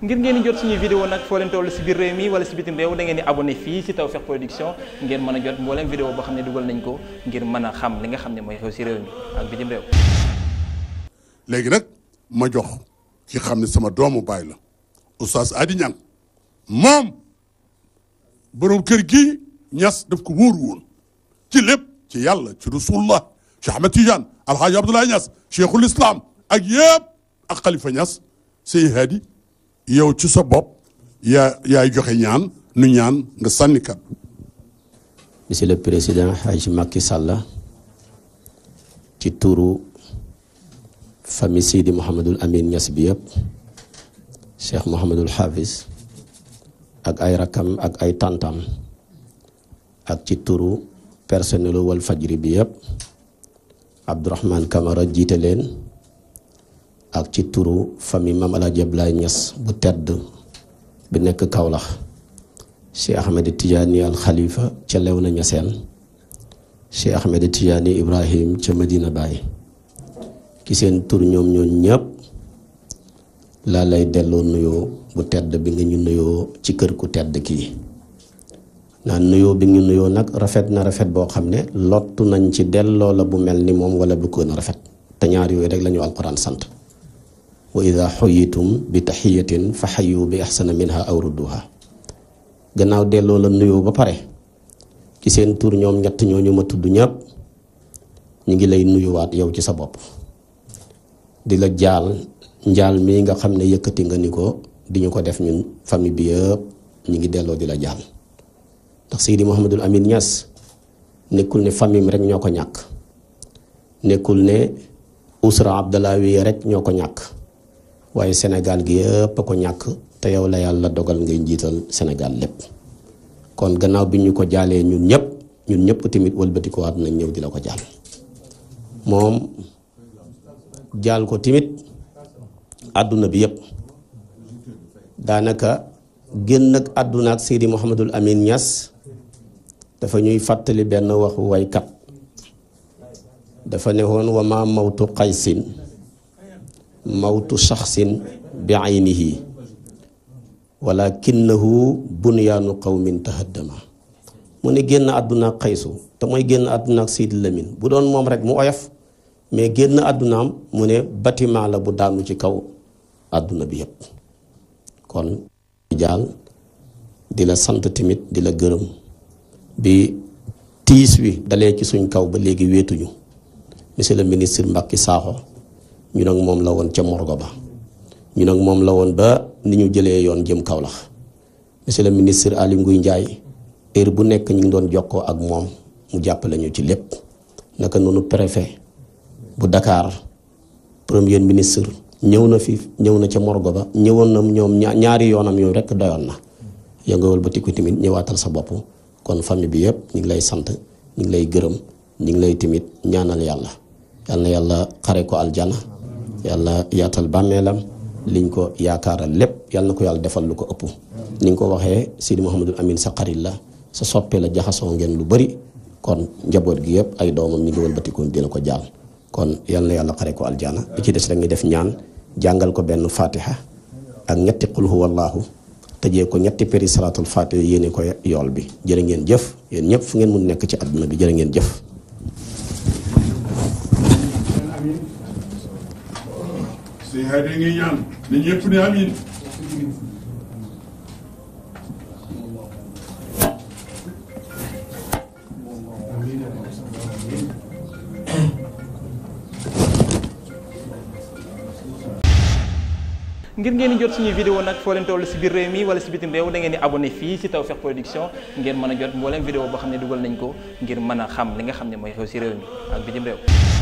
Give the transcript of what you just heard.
ngir ngeen di jot suñuy vidéo nag foo leen toll si biir réew mi wala si bitim réew da ngeen di fii si Tawfekh Production ngeen mën a jot mbooleem vidéo boo xam ne dugal nañ ko ngir mën a xam li nga xam ne mooy xew si réew mi ak bitim réew léegi nag ma jox ki xam ne sama doomu baay la Oustaz Adi Niang moom boroom kër gi ñas def ko wóor woon ci lépp ci yàlla ci rasulullah Cheikh Ahmed Tidiane Alhaji Abdoulaye Niass cheikhul islam ak yëpp ak Khalifa Niass Seydi Hadi yow ci sa bopp yaa yaay joxe ñaan nu ñaan nga sànni kat. monsieur le président Hadji Macky Sall ci turu famille Sidi Mouhamadul Amin Niass bi yëpp Cheikh Mouhamadul Hafiz ak ay rakam ak ay tàntam ak ci turu personnelu Walfadjri bi yëpp Abdourahmane Camara jiite leen. ak ci turu famille Maam El Hadj Abdoulaye Niass bu tedd bi nekk kawlax Cheikh Ahmed Tidiane al Khalifa ca Léona Niassène Cheikh Ahmed Tidiane Ibrahim ca Medina Baye ci seen tur ñoom ñoo ñëpp laa lay delloo nuyoo bu tedd bi nga ñu nuyoo ci kër ku tedd kii naan nuyoo bi nga ñu nuyoo nag rafet na rafet boo xam ne lottu nañ ci delloo la bu mel ni moom wala bu ko na rafet te ñaar yooyu rek la ñu alxuraan sant wa ida xuyitum bi taxiyatin fa xayu bi axsana minha aw gannaaw delloo la nuyoo ba pare ci seen tur ñoom ñett ñooñu ma tudd ñépp ñu ngi lay nuyuwaat yow ci sa bopp di la jaal njaal mi nga xam ne yëkkati nga ni ko di ñu ko def ñun famille bi yëpp ñu ngi delloo di la jaal ndax Seydi Mouhamadul Amine ñas nekkul ne famille rek ñoo ko ñàkk nekkul ne usra abdalawi rek ñoo ko ñàkk waaye senegal gi yëpp a ko ñàkk te yow la yàlla dogal ngay njiital Sénégal lépp kon gannaaw bi ñu ko jaalee ñun ñëpp ñun ñëpp tamit wëlbatikuwaat nañ ñëw di la ko jaal moom jaal ko tamit àdduna bi yëpp daanaka génn ak àdduna ak Seydi Mouhamadul Amine ñas dafa ñuy fàttali benn waxu waykat dafa ne woon wa mawtu xaysin mawtu shaxsin bi aynihi walakinahu bunyaanu qawmin tahaddama mu ne génn àdduna ak xaysu te mooy génn àdduna ak Sidi Lamine bu doon moom rek mu oyof mais génn àddunaam mu ne bâtiment la bu daanu ci kaw àdduna bi yëpp kon jaal di la sant tamit di la gërëm bi tiis wi dalee ci suñ kaw ba léegi wéetuñu monsieur le ministre Mbacké Sakho ñu nag moom la woon ca morgo ba ñu nag moom la woon ba ni ñu jëlee yoon jëm Kaolack monsieur le ministre Aly Ngouille Ndiaye heure bu nekk ñu ngi doon jokkoo ak moom mu jàpp lañu ci lépp naka noonu préfet bu Dakar premier ministre ñëw na fii ñëw na ca morgo ba ñëwoon na ñoom ñaari yoonam yooyu rekk doyoon na yaa nga wëlbatiku tamit ñëwaatal sa bopp kon famille bi yëpp ñu ngi lay sant ñu ngi lay gërëm ñu ngi lay timit ñaanal yàlla yal na yàlla xare ko aljana yàlla yaatal bàmmeelam liñ ko yaakaaral lépp yàlla na ko yàlla defal lu ko ëpp ni nga ko waxee Sidi Mouhamadul Amin sa xarit la sa soppee la jaxasoo ngeen lu bëri kon njaboot gi yëpp ay doomam ñu ngi wëlbatikoon dina ko jaal kon yàlla na yàlla xare ko aljana bi ci des rek ñu def ñaan jàngal ko benn fatiha ak ñetti qul huwallahu tëjee ko ñetti péri salaatul fatiha yéene ko yool bi jërë ngeen jëf yéen ñëpp fu ngeen mun nekk ci àdduna bi jërë ngeen suñu xarit ngi ñaan ngir ngeen jot suñu vidéo nag foo leen toll si biir réew mi wala ci bitim réew da ngeen di abonné fii si Tawfekh Production ngeen mën a jot mboolem vidéo boo xam ne dugal nañ ko ngir mën a xam li nga xam ne mooy xew si réew mi ak bitim réew